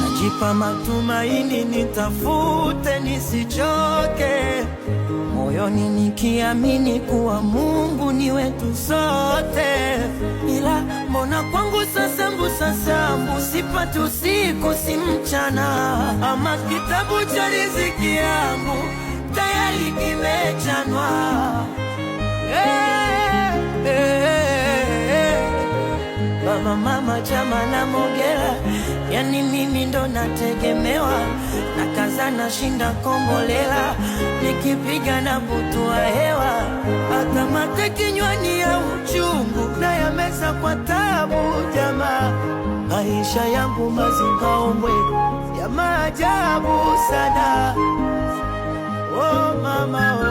Najipa matumaini, nitafute nisichoke, moyoni nikiamini kuwa Mungu ni wetu sote. Ila mbona kwangu sasambu sasambu sipati usiku si mchana, ama kitabu cha riziki yangu tayari kimechanwa. Hey, hey, hey, hey. mama chama na Mogela yani mimi ndo nategemewa, na kaza na shinda kombolela, nikipiga na butua hewa, akamate kinywani ya uchungu na yameza kwa tabu. Jamaa, maisha yangu mazingaombwe ya maajabu sana. Oh mama oh.